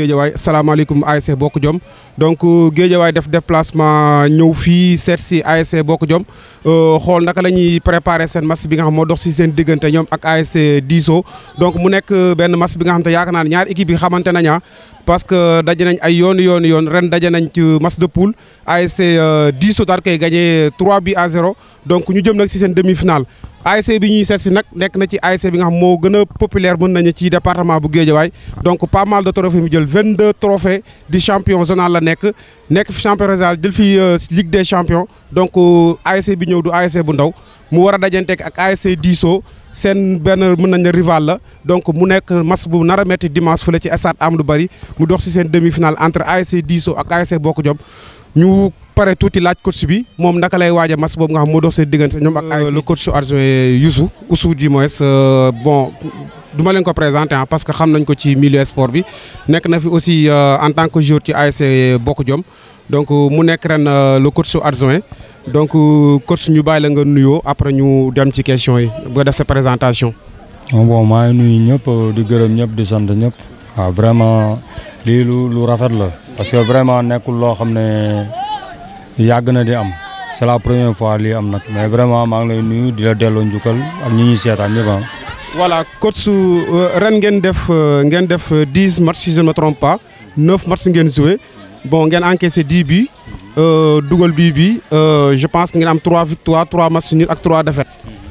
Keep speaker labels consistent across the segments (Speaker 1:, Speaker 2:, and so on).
Speaker 1: Guédiawaye salaamaaleykum ASC Bokk Jom donc euh, Guédiawaye def deplacement ñëw fii seet si ASC Bokk Jom euh, xool naka la ñuy préparer seen match bi nga xam moo dox si seen diggante ñoom ak ASC Diso donc mu nekk euh, benn match bi nga xam te yaakaar naa ñaar ñaari équipe yi xamante nañaa ah, parce que daje nañ ay yoon yoon yoon ren daje nañ ci match de poule ASC Diso daal koy gagné 3 bi à 0 donc ñu jëm nag si seen demi-finale ASC bi ñuy seet si nag nekk na ci ASC bi nga xam moo gën a populaire mën nañu ci département bu Guédiawaye donc pas mal de trophées mu jël 22 trophées di champion zonal la nekk nekk fi champion régional jël fi euh, Ligue des champions donc euh, ASC bi ñëw du ASC bu ndaw mu war a dajanteeg ak ASC Diso seen benn mën nañ rival la donc mu nekk match bu nara a metti dimanche fële ci stade Amadou Barry mu dox si seen demi-finale entre ASC Diso ak ASC Bokk Job ñu. pare tuuti laaj coach bi moom naka lay waaj a match boobu nga xam moo dox seen diggante ñoom ak ASC euh, le coach adjoint Youssou Oussou du moins euh, bon du ko présenté parce que xam nañ ko ci milieu sport bi nekk na fi aussi euh, en tant que joueur ci ASC Bokk Jom donc mu nekk ren le coach adjoint donc coach ñu bàyyi la nga nuyoo après ñu dem ci question yi nga def sa présentation.
Speaker 2: bon maa ngi nuyu ñëpp di gërëm ñëpp di sant ñëpp. waaw ah, vraiment lii lu lu rafet la. parce que vraiment nekkul loo xam ne. yàgg na di am c'est la première fois li am nag mais vraiment maa ngi lay nuyu di la delloo njukkal ak ñi ñuy seetaan ñëpp ah.
Speaker 1: voilà coach su euh, ren ngeen def euh, ngeen def euh, dix matchs si je ne me trompe ngeen joué bon ngeen encaissé dix buts dugal bi bi je pense ngeen am trois victoires trois matchs nuls ak trois defet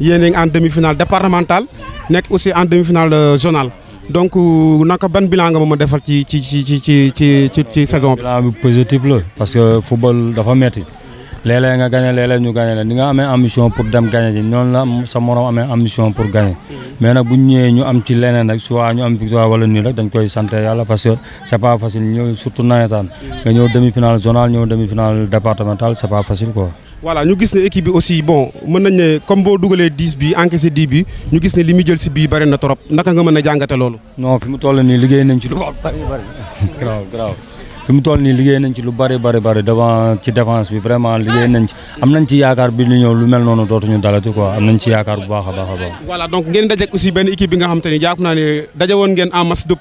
Speaker 1: yéen ngi en demi-finale départementale nekk aussi en demi-finale zonale. donc euh, naka ban bilan nga ma defal ci ci ci ci ci ci ci saison bi. bilan bi positif la parce que
Speaker 2: football dafa metti léeg-léeg nga gagné léeg-léeg ñu gagné la ni nga amee ambition pour dem gagné ji noonu la sa morom amee ambition pour gagné mais nag bu ñu ñëwee ñu am ci leneen rek soit ñu am victoire wala nii rek dañ koy sant yàlla parce que c' est pas facile ñëw surtout nawetaan nga ñëw demi finale zonal ñëw demi finale départemental c' pas facile quoi.
Speaker 1: voilà ñu gis ne équipe bi aussi bon mën nañ ne comme boo dugalee dix bi encaissé dix bi ñu gis ne li muy jël si bii bari na trop naka nga mën a jàngate loolu. non fi mu toll nii liggéey nañ ci lu bari
Speaker 2: bari. grave grave nii liggéey nañ ci lu bari bari bari devant ci défense bi vraiment liggéey nañ ci am nañ ci yaakaar bi ñu ñëw lu mel noonu dootuñu dalati quoi am nañ ci yaakaar bu baax a baax a baax.
Speaker 1: voilà donc ngeen dajeeg aussi benn équipe bi nga xam te ni woon ngeen en masse de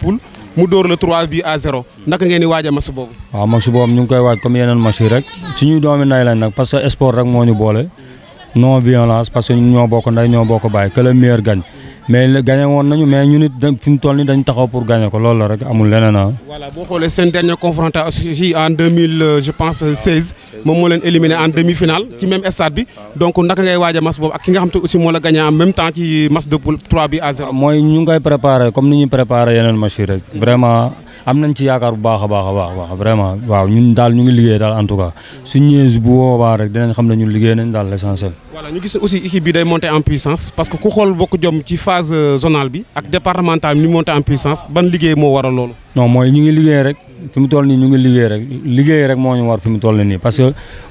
Speaker 1: mu dóor la 3 bi a 0 naka ngeen di waaj a match boobu.
Speaker 2: waaw match boobu ñu ngi koy waaj comme yeneen match yi rek suñuy doomi nday lañ nag parce que sport rek moo ñu boole non violence parce que ñoo bokk nday ñoo bokk bàyyi que le meilleur gagne. mais gagné woon nañu mais ñun it fi mu toll ni dañ taxaw pour gagné ko loolu la rek amul leneen ah. voilà
Speaker 1: boo xoolee seen dernière confrontation yi en deux mille euh, je pense euh, seize. moom moo leen éliminé en demi finale ci même stade bi. donc naka ngay waaj a mas boobu ak ki nga xam te aussi moo la gagné en même temps ci match de poule 3 bi à
Speaker 2: mooy ñu ngi koy préparé comme ni ñu préparé yeneen match yi vraiment. am nañ ci yaakaar bu baax a baax a baax vraiment waaw ñun daal ñu liggéey daal en tout cas suñ ñëwee bu boobaa rek dinañ xam ne ñun liggéey nañ daal l' essentiel.
Speaker 1: ñu gis aussi équipe bi day monter en puissance parce que ku xool bokk jom ci phase zonale bi ak départementale bi monter en puissance ban liggéey moo waral loolu.
Speaker 2: non mooy ñu liggéey rek. fi mu toll nii ñu ngi liggéey rek liggéey rek moo ñu war fi mu toll nii parce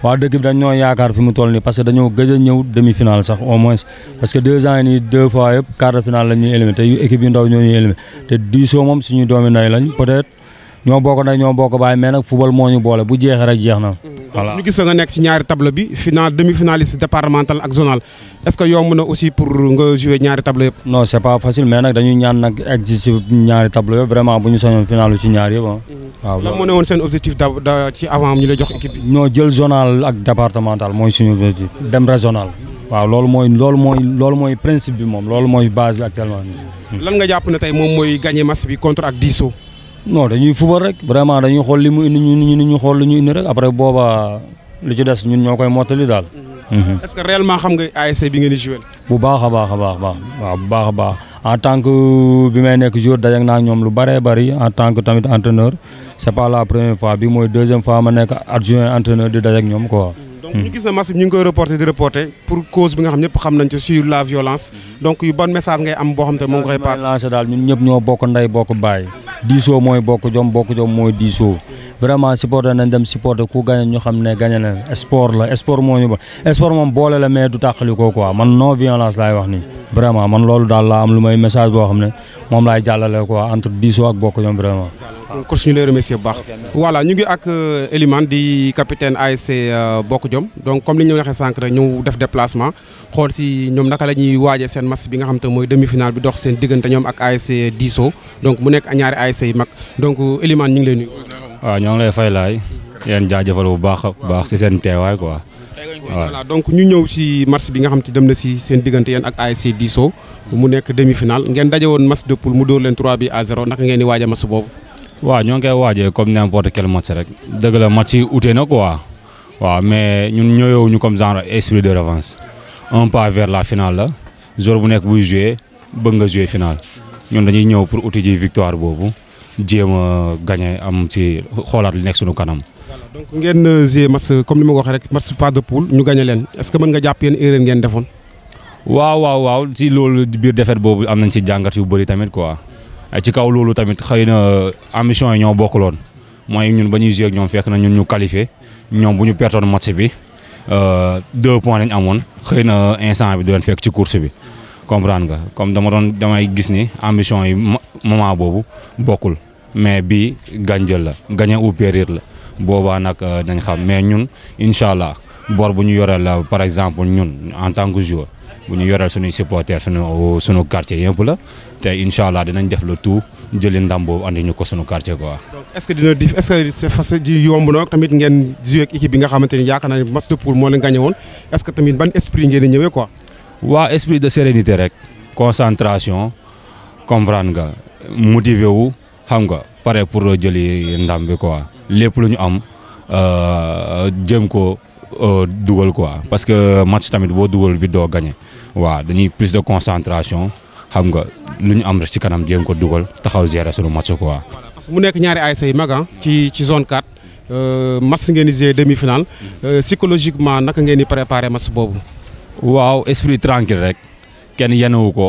Speaker 2: waa dëkk bi dañ yaakaar fi mu toll nii parce dañoo gëj ñëw demi finale sax au moins parce deux ans yi nii deux fois yëpp quart de finale la te équipe yu ndaw ñoo ñuy éliminé te diisoo moom suñu
Speaker 1: doomi nay lañ peut-être ñoo bokk nag ñoo bokk bàyyi mais nag football moo ñu boole bu jeexee rek jeex na. voilà ñu gis nga nekk ci ñaari tableau bi final demi finaliste départemental ak zonal est ce que yomb na aussi pour nga jouer ñaari tableau yëpp. non c' est pas facile mais nag dañuy ñaan nag egg ci ñaari tableau yëpp vraiment
Speaker 2: bu ñu sañoon final ci ñaar yëpp ah. Mm-hmm. waaw lan moo ne woon seen objectif da ci avant ñu lay jox équipe bi. ñoo jël zonal ak départemental mooy suñu objectif dem régional. waaw loolu mooy loolu mooy loolu mooy principe bi moom loolu mooy base bi actuellement.
Speaker 1: lan nga jàpp ne tey moom mooy gagné match bi contre ak diisoo.
Speaker 2: non dañuy fubal rek vraiment dañuy xool li mu indi ñu ni ñu xool li ñu indi rek après booba lu ci des ñun ñoo koy mottali daal. Mm-hmm.
Speaker 1: est-ce que réellement xam nga bi ngeen di joué.
Speaker 2: bu baax a baax a baax baax waaw bu baax a baax en tant que bi may nekk joueur daje naa ñoom lu bare bëri en tant que tamit entraîneur c'est pas la première fois bi mooy deuxième fois ma nekk adjoint entraîneur di daje ak ñoom quoi. ñu
Speaker 1: gis na massif ñu ngi koy reporté di reporté pour cause bi nga xam ñëpp xam nañ ci sur la violence mhm. donc yu ban message ngay am boo xam te moo ngi koy
Speaker 2: lancé daal ñun ñëpp ñoo bokk ndey bokk baay diisoo mooy bokk jom bokk jom mooy diisoo vraiment support nañ dem supporter ku gagné ñu xam ne gagné na sport la sport moo ñu ba sport moom boole la mais du tàqaliko quoi man non violence laay wax ni. vraiment man loolu daal laa am lu message boo xam ne moom laay quoi entre diisoo ak bokk
Speaker 1: ñoom vraiment course ñu lay remercier bu voilà ñu ngi ak euh, Eliman di capitaine ASC euh, Bokk Jom donc comme li ñu waxee sànq rek ñu def déplacement xool si ñoom naka la ñuy waajee match bi nga demi finale bi dox seen ak ASC Diso donc mu nekk ñaari mak. yi mag donc Eliman ñu ngi lay nuyu
Speaker 3: waaw ñoo ngi lay fay laay yéen jaajëfal bu baax baax si seen teewaay quoi. voilà
Speaker 1: donc ñu ñëw si match bi nga xam te dem na si seen diggante yéen ak ASC Disso mu nekk demi final ngeen daje woon match de poule mu dóor leen 3 bi à 0 naka ngeen di waaj a
Speaker 3: match boobu. waaw ñoo ngi koy waajee comme n'importe quel match rek dëgg la match yi ute na quoi waaw mais ñun ñëwewuñu comme genre esprit de revanche en pas vers la finale la jour bu nekk buy joué nga joué finale dañuy ñëw pour uti ji boobu. jéem a am ci xoolaat lu nekk suñu kanam.
Speaker 1: donc ngeen euh, joué match euh, comme ni ma ko waxee rek match pas de poule ñu gagné leen est ce que mën nga jàpp yéen erreur ngeen defoon.
Speaker 3: waaw waaw waaw ci loolu biir défaite boobu am nañ ci jàngat yu bëri tamit quoi ci kaw loolu tamit xëy na euh, ambition yi ñoo bokkuloon mooy ñun ba ñuy joué ak ñoom fekk na ñun ñu qualifié ñoom bu ñu pertoon match bi deux points lañ amoon xëy na instant bi du fekk ci course bi. comprendre nga comme dama doon damay gis ni ambition yi moment boobu bokkul. mais bii ganjël la gañe ou périr la boobaa nag dañ euh, xam mais ñun incha allah bor bu ñu yoreel la euh, par exemple ñun en tant que joueur bu ñu yoreel suñuy supporter suñu suñu quartier yëpp la te incha allah dinañ def le tout jëli ndam boobu andi ñu ko suñu quartier quoi. donc
Speaker 1: est ce que dina dif est ce que c'est facile di yomb nag tamit ngeen joué ak équipe bi nga xamante ni yaakaar naa ne match di
Speaker 3: waa esprit de sérénité rek concentration comprendre nga motivé xam nga pare pour jëli ndam bi quoi lépp lu ñu am euh, jëm ko euh, dugal quoi parce que match tamit boo dugal bi doo gagné waaw dañuy plus de concentration xam nga lu ñu am rek ci kanam jéem ko dugal taxaw gérer sunu match quoi.
Speaker 1: parce mu nekk ñaari ASC yu mag ah, ci ci zone 4 euh, match ngeen di jouer demi-finale
Speaker 3: psychologiquement
Speaker 1: naka ngeen di préparer
Speaker 3: match boobu. waaw esprit tranquille rek kenn yenewu ko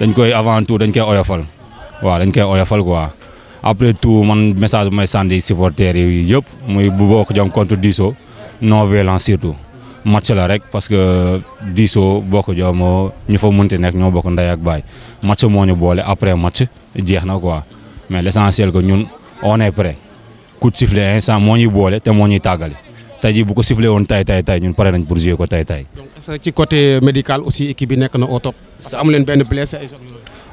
Speaker 3: dañ koy avant tout dañ koy oyofal waaw dañ koy oyofal quoi. après tout man message bu may sànni supporters yi yëpp muy bu bokk jom contre diisoo non violence surtout match la rek parce que diisoo bokk jom ñu fa munti nekk ñoo bokk ndey ak baay match moo ñu boole après match jeex na quoi mais l' essentiel que ñun on est prêt coup instant moo ñuy boole te moo ñuy tàggale tey jii bu ko sifflé woon tay tay tay ñun pare nañ pour jouer ko tay tay.
Speaker 1: ci côté médical aussi équipe bi nekk na au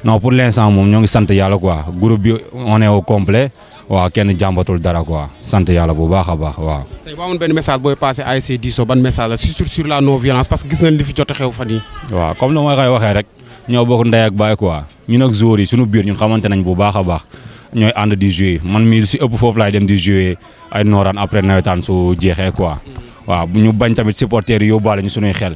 Speaker 3: non pour l'instant moom ñoo ngi sant yàlla quoi groupe bi on est complet waaw kenn jàmbatul dara quoi sant yàlla bu baax a baax waaw.
Speaker 1: tey boo amoon benn message
Speaker 3: booy passé ASC Disso ban message la surtout sur la non violence parce que gis nañ li jot a xew fan yi waaw comme ni ma koy waxee rek ñoo bokk ndey ak baay quoi ñun ak joueurs yi suñu biir ñun xamante nañ bu baax a baax ñooy ànd di jouer man mii si ëpp foofu laay dem di jouer ay nooraan après nawetaan su jeexee quoi waaw ñu bañ tamit supporters yi yóbbaale ñu suñuy xel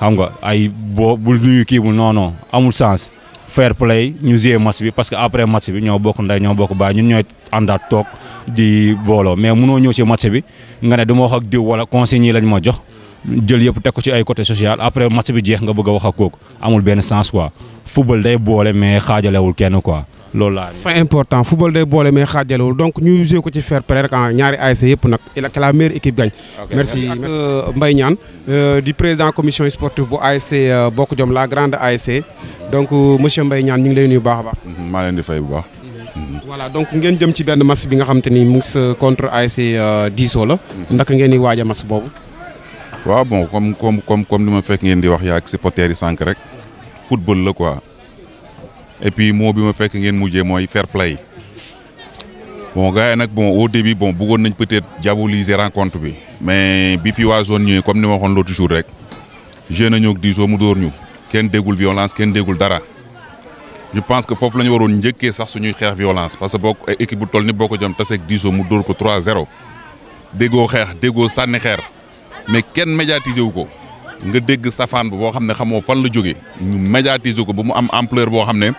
Speaker 3: xam nga ay boo bul kii bu non amul sens. fair play ñu jouer match bi parce que après match bi ñoo bokk nday ñoo bokk baay ñun ñooy àndaat toog di booloo mais munoo ñëw ci match bi nga ne duma wax ak diw wala conseil yi lañ ma jox jël yëpp teg ci ay coté social après match bi jeex nga bëgg a wax ak kooku amul benn sens quoi football day boole mais xaajalewul kenn quoi loolu laa.
Speaker 1: c'est important football day boole mais xaajalewul donc ñu jouer ko ci fair play rek ah, ñaari ASC yëpp nag que la équipe gagne. merci euh, Mbaye Niane euh, di président commission sportive bu ASC euh, Bokk Jom la grande ASC. donc euh, monsieur Mbaye Niam, ñu ngi lay nuyu bu baax a baax.
Speaker 4: Mhm, maa di fay bu baax.
Speaker 1: Mhm. voilà donc ngeen jëm ci benn match bi nga xam te ni Mouss contre ASC 10 euh, la. Mhm. ndaka ngeen di waaj a
Speaker 4: match boobu. waaw bon comme comme comme comme li ma fekk ngeen di wax yaa ak supporters yi sànq rek. football la quoi. et puis moo bi ma fekk ngeen mujjee mooy fair play. bon gars yi nag bon au début bon bëggon nañ peut-être diaboliser rencontre bi. mais bi fi wa zone ñëwee comme ni waxon waxoon l'autre jour rek. joué nañu ak Disso mu dóor ñu kenn déggul violence kenn déggul dara je pense que foofu lañu ñu waroon njëkkee sax suñuy xeex violence parce que boo équipe bu toll ni boo ko jëm taseeg diisoo mu dóor ko 3-0 déggoo xeex déggoo sànni xeer mais kenn médiatiser wu ko nga dégg safaan ba boo xam ne xamoo fan la jógee ñu médiatiser ko ba mu am ampleur boo xam ne nit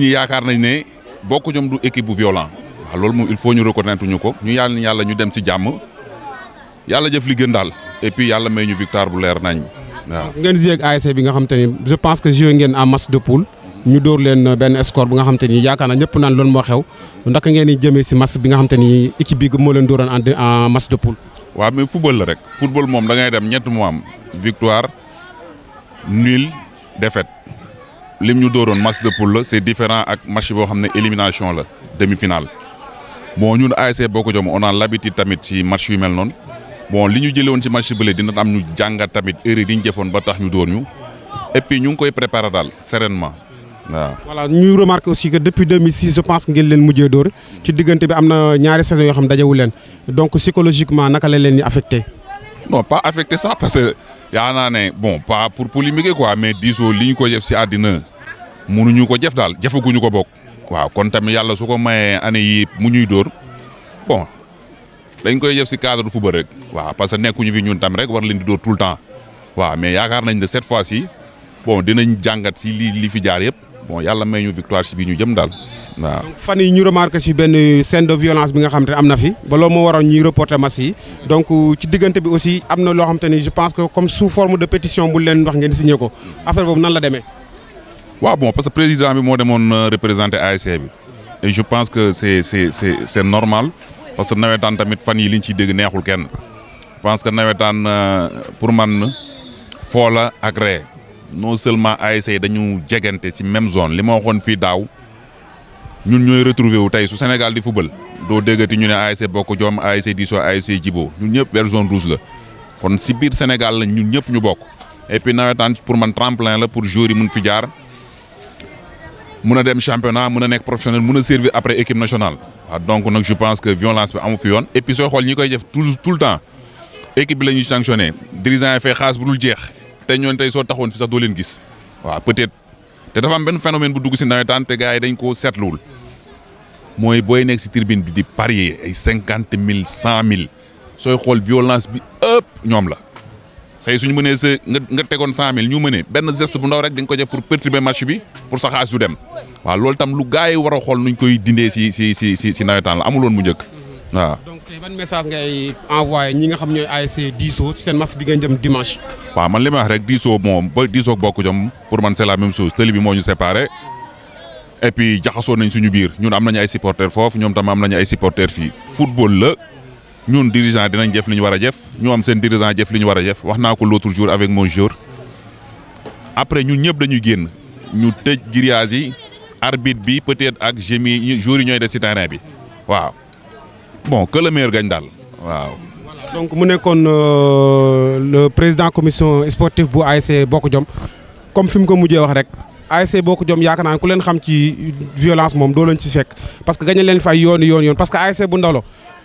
Speaker 4: ñi yaakaar nañ ne bokk ñoom du équipe bu violent waaw loolu moom il faut ñu reconnaître ñu ko ñu yàlla ni yàlla ñu dem ci jàmm yàlla jëf li gën daal et puis yàlla may ñu victoire bu leer nañ waaw
Speaker 1: ngeen joué ak ASC bi nga xam te ni je pense que joué ngeen en match de poule. ñu dóor leen euh, benn score bu nga xam te ni yaakaar naa ñëpp naan loolu moo xew ndaka ngeen di jëmee si match bi nga xam te ni équipe bi moo leen dóoroon en en match de poule.
Speaker 4: waaw mais football la rek. football moom da dem ñett mu am victoire nul défaite lim ñu dóoroon match de poule la c'est différent ak match boo xam ne élimination la demi-finale. bon ñun ASC Bokk Jom on a l'habitude tamit ci match yu mel noonu. bon li ñu jëlee woon ci match bële dina am ñu jàngat tamit erreur yi ñu jëfoon ba tax ñu dóor ñu et ñu ngi koy préparer daal sereinement waaw.
Speaker 1: voilà ñu remarque aussi que depuis mi 2006 je pense ngeen leen mujjee dóor ci diggante bi am na ñaari saison yoo xam ne dajewu leen donc psychologiquement naka la leen di affecté.
Speaker 4: non pas affecté sax parce que yaa naa ne bon pas pour polémiquer ko mais disons li ñu ko jëf si àddina mënuñu ko jëf daal jëfaguñu ko bokk. waaw yàlla su ko mayee année yi mu ñuy dóor bon. dañ koy def si cadre football rek waaw parce que nekkuñu fi ñun tam rek war leen di dóor tout le temps waaw mais yaakaar nañ ne cette fois ci bon dinañ jàngat si li li fi jaar yëpp bon yàlla may ñu victoire si bi ñu jëm daal waaw. fan
Speaker 1: yi ñu remarqué si benn scène de violence bi nga xam te am na fi ba loolu moo waroon ñuy reporter match yi donc ci diggante bi aussi am na loo xam te ni je pense que comme sous forme de pétition bu leen wax ngeen signé ko affaire
Speaker 4: boobu nan la demee. waaw bon parce que président bi moo demoon euh, représenter ASC bi et je pense que c'est c'est c'est normal. parce que nawetaan tamit fan yi liñ ciy dégg neexul kenn parce que nawetaan euh, pour man foola la ak ree non seulement ASC dañu jegante ci même zone li ma waxoon fii daaw ñun ñooy retrouver wu tey su senegal di football doo déggati ñu ne ayse bokk joom ASC diisoo ASC jiboo ñun ñëpp vers zone rouge la kon si biir senegal la ñun ñëpp ñu bokk et puis nawetaan pour man tremplin la pour joueurs yi mun fi jaar mun a dem championnat mun a nekk professionnel mun a servir après équipe nationale Ah, donc je pense que violence bi amu et puis sooy xol def tout tout le temps équipe bi sanctionnée. sanctionner dirigeant fait bu dul jeex ñoon peut-être te dafa am phénomène bu dugg te gaay dañ ko moy si tribune di parier violence bi ëpp tey suñu mënee sa nga tegoon cent mille ñu mënee benn geste bu ndaw rek di ko def pour perturber match bi pour sa xaas yu dem waaw loolu tam lu gars yi war a xool nuñ koy dindee si si si si si nawetaan la amuloon mu njëkk waaw. donc
Speaker 1: tey message ngay envoyé ñi nga xam
Speaker 4: ñooy ASC diisoo seen match bi ngeen jëm dimanche. waaw man li ma wax rek diisoo moom ba diisoo bokk jom pour man c'est la même chose tëli bi moo ñu séparé et puis jaxasoo nañ suñu biir ñun am nañu ay supporters foofu ñoom tam am nañu ay supporters fii football la. Nous sommes dinañ def li wara def ñu am sen dirigeant def wara def l'autre jour avec mon jour après ñun ñëpp dañuy ñu tej grillage arbitre bi peut-être ak jemi jour des bi bon que le meilleur gagne waaw. donc
Speaker 1: mu euh, le président commission sportive bu ASC comme fim ko wax rek ASC violence parce que gañe len fay yoon yoon parce que ASC bu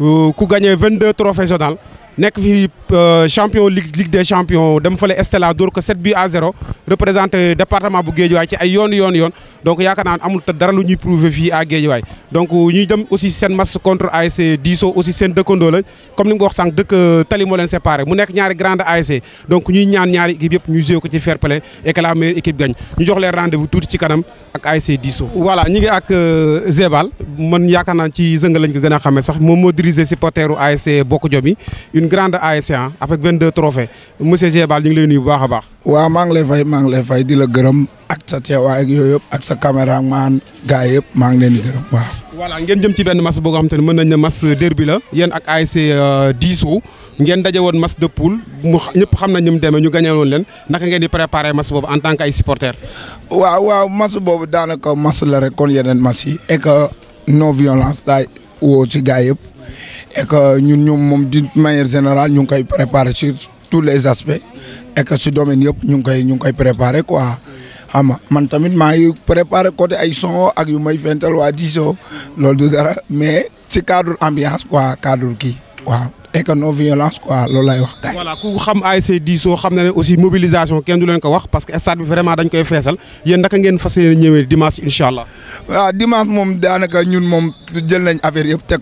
Speaker 1: Euh, ku gagné 22 trophées zonales nekk fi Euh, champion ligue ligue des champions dem fële Estella dor ko 7 buts à 0 représenté département bu Guédiawaye ci ay yone yone yone donc yakana amul te dara lu ñuy prouver fi à Guédiawaye donc ñuy dem aussi sen match contre ASC Diso aussi seen dëkkandoo la comme ni nga ko wax sànq dëkk euh, tali mo len séparer mu nek ñaari grande ASC donc ñuy ñaan ñaari équipe yëpp ñu joué ko ci fair play et que la meilleure équipe gagne ñu jox leen rendez-vous tout ci kanam ak ASC Diso. voilà ñi ngi ak euh, Zebal man yakana ci zëng lañ ko gëna xamé sax mo moo dirigé supporteru ASC Bokk Jom une grande ASC hein. ah avec 22 trophées monsieur Zébal ñu ngi lay nuyu bu baax a baax.
Speaker 5: waaw maa ngi lay fay maa ngi lay fay di la gërëm ak sa teewaay ak yooyu yëpp ak sa caméraman gars yëpp maa ngi leen di gërëm waaw.
Speaker 1: voilà ngeen jëm ci benn mas boo xamante ne mën nañ ne mas derby la yéen ak ASC euh, Disso ngeen daje woon mas de poule ñëpp xam na ñu mu demee ñu gagné leen naka ngeen di préparé mas boobu en tant que ay supporters.
Speaker 5: waa waa mas boobu daanaka mas la rek kon yeneen mas yi. et que non violence ci gars yëpp. et que ñun ñu moom d'une manière général ñu ngi koy préparer sur tous les aspects et si domaine yëpp ñu ngi koy ñu ngi koy préparer quoi xam nga man tamit maa ngi préparer côté ay son ak yu may fental waa diso loolu du dara mais ci cadre ambiance quoi cadre kii waaw et que non violence quoi loolu wax.
Speaker 1: kay voilà ku xam ASC diso xam na ne aussi mobilisation kenn du leen ko wax parce que stade bi vraiment dañ
Speaker 5: koy feesal yéen naka ngeen fas yéene ñëwee dimanche incha allah. waaw dimanche moom daanaka ñun moom jël nañ affaire yëpp teg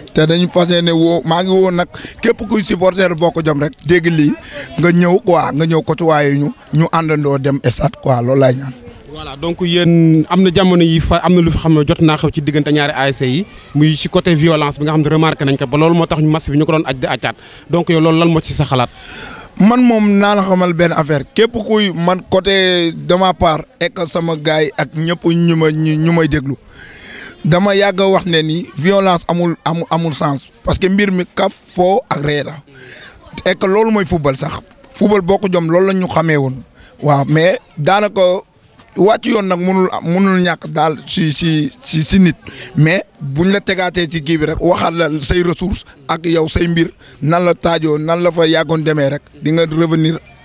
Speaker 5: te dañ fas ne woo maa ngi woon nag képp kuy boo ko Jom rek dégg lii nga ñëw quoi nga ñëw kotuwaayu ñu ñu àndandoo dem stade quoi loolu laay ñaan. voilà donc yéen am na jamono yi fa
Speaker 1: am na lu fi xam ne jot naa xew ci diggante ñaari ASC yi muy si côté violence bi nga xam ne remarqué nañ ko ba loolu moo tax
Speaker 5: match bi ñu ko doon aj di acaat donc yow loolu lan moo ci sa xalaat. man moom naa la xamal benn affaire képp kuy man côté de ma part sama gars yi ak ñëpp ñu ma ñu may déglu dama yàgg wax ne ni violence amul amul amul sens parce que mbir mi kaf foo ak ree la loolu mooy football sax football boo ko jom loolu la ñu xamee woon waaw mais daanaka wàcc yoon nag munul munul ñàkk daal si si si si nit mais buñ la tegaatee ci kii bi rek waxaal la sey ressources ak yow say mbir nan la taajoo nan la fa yàggoon demee rek di nga revenir